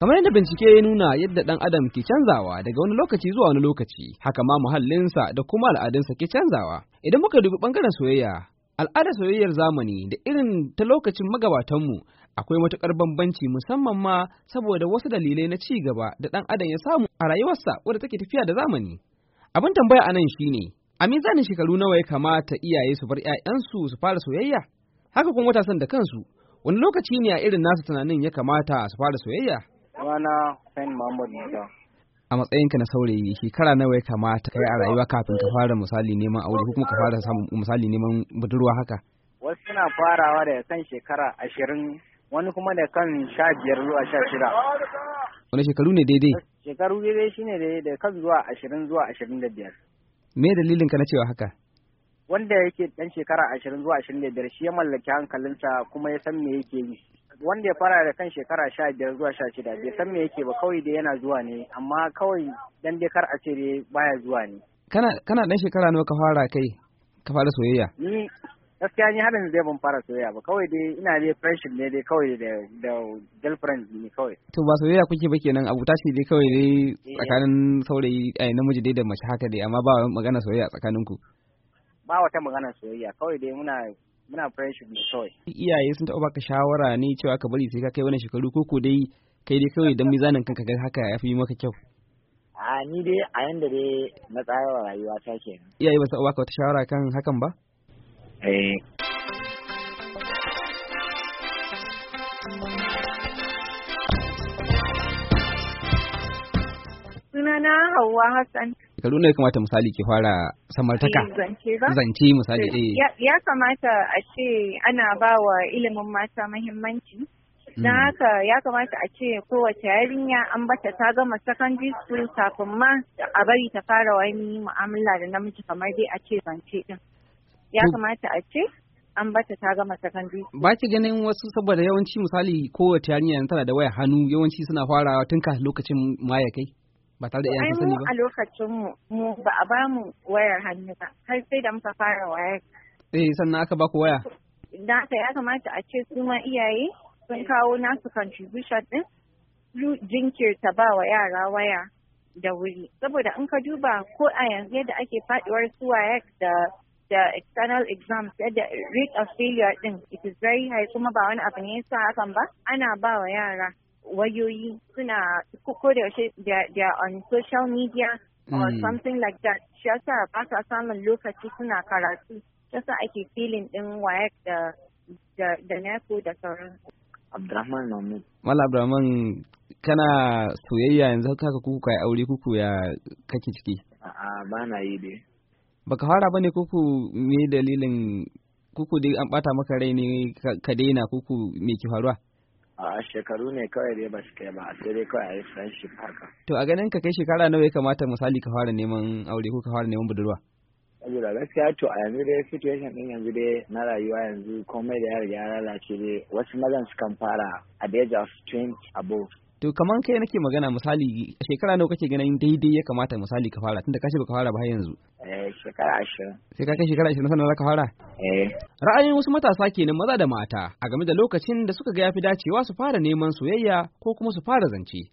Kamar yadda bincike ya nuna yadda ɗan adam ke canzawa daga wani lokaci zuwa wani lokaci, haka ma muhallinsa da kuma al'adunsa ke canzawa. Idan muka dubi ɓangaren soyayya, al'adar soyayyar zamani da irin ta lokacin magabatanmu akwai matuƙar bambanci musamman ma saboda wasu dalilai na ci gaba da ɗan adam ya samu a rayuwarsa wadda take tafiya da zamani. Abin tambaya a nan shine, a mizanin shekaru nawa ya kamata iyaye su bar 'ya'yansu su fara soyayya? Haka kuma matasan da kansu, wani lokaci ne a irin nasu tunanin ya kamata su fara soyayya? Sunana Hussein Muhammad Musa. A matsayinka na saurayi shekara nawa ya kamata kai a rayuwa kafin ka fara misali neman aure ko kuma ka fara samun misali neman budurwa haka? Wasu suna farawa da kan shekara ashirin wani kuma da kan sha biyar zuwa sha shida. Wani shekaru ne daidai? Shekaru daidai shine daidai da kan zuwa ashirin zuwa ashirin da biyar. Me dalilin ka na cewa haka? Wanda yake dan shekara ashirin zuwa ashirin da biyar shi ya mallaki hankalinsa kuma ya san me yake yi. wanda ya fara da kan shekara sha biyar zuwa sha shida bai san me yake ba kawai dai yana zuwa ne amma kawai dan dai kar a ce dai baya zuwa ne kana kana dan shekara nawa ka fara kai ka fara soyayya ni gaskiya ni harin zai ban fara soyayya ba kawai dai ina dai friendship ne dai kawai da da girlfriend ne kawai to ba soyayya kuke ba kenan abu tashi dai kawai dai eh. tsakanin saurayi ai eh, namiji dai da mace haka dai amma ba magana soyayya tsakanin ku ba wata magana soyayya kawai dai muna muna friendship da kawai iyaye sun taɓa baka shawara ne cewa ka bari sai ka kai wani shekaru ko ko dai kai dai kawai dan mizanin kanka ga haka ya fi maka kyau a ni dai a yanda dai na tsara rayuwa ta kenan iyaye ba su baka wata shawara kan hakan ba eh sunana Hauwa Hassan shekaru ne kamata misali ke fara samartaka eh, zance misali eh ya kamata a ce ana ba wa ilimin mata muhimmanci mm. don haka ya kamata a ce kowace yarinya an bata ta gama secondary school kafin ma a bari ta fara wani mu'amala da namiji kamar dai a ce zance din ya kamata a ce an bata ta gama school Ba ki ganin wasu saboda yawanci misali kowace yarinya tana da waya hannu yawanci suna farawa tun ka lokacin ma ya kai? ba tare da sani ba a lokacin mu mu ba a ba mu wayar hannu ba har sai da muka fara wayar eh sannan aka baku waya da aka ya kamata a ce su ma iyaye sun kawo nasu contribution din su jinkirta ba wa yara waya da wuri saboda in ka duba ko a yanzu yadda ake faɗiwar wayar da da external exams yadda rate of failure din it is very high kuma ba wani abu ne yasa hakan ba ana ba wa yara wayoyi suna ko da yaushe they are on social media or mm. something like that shi yasa ba sa samun lokaci suna karatu yasa ake filin din wayar da da nepo da sauran Abdurrahman Mahmud. Mala Abdurrahman kana soyayya yanzu haka kuku kai aure kuku ya kake ciki? A'a ba na yi dai. Baka fara bane kuku me dalilin kuku dai an bata maka rai ne ka daina kuku me ki faruwa? a shekaru ne kawai dai ba su kai ba sai dai kawai a yi friendship haka to a ganin ka kai shekara nawa ya kamata misali ka fara neman aure ko ka fara neman budurwa saboda gaskiya to a yanzu dai situation din yanzu dai na rayuwa yanzu komai da ya riga ya lalace dai wasu mazan sukan fara a the age of 20 above to kaman kai nake magana misali shekara nawa kake ganin daidai ya kamata misali ka fara tunda ka ce baka fara ba yanzu eh shekara 20 sai ka kai shekara 20 sannan ka fara eh ra'ayin wasu matasa kenan maza da mata a game da lokacin da suka ga yafi dacewa su fara neman soyayya ko kuma su fara zance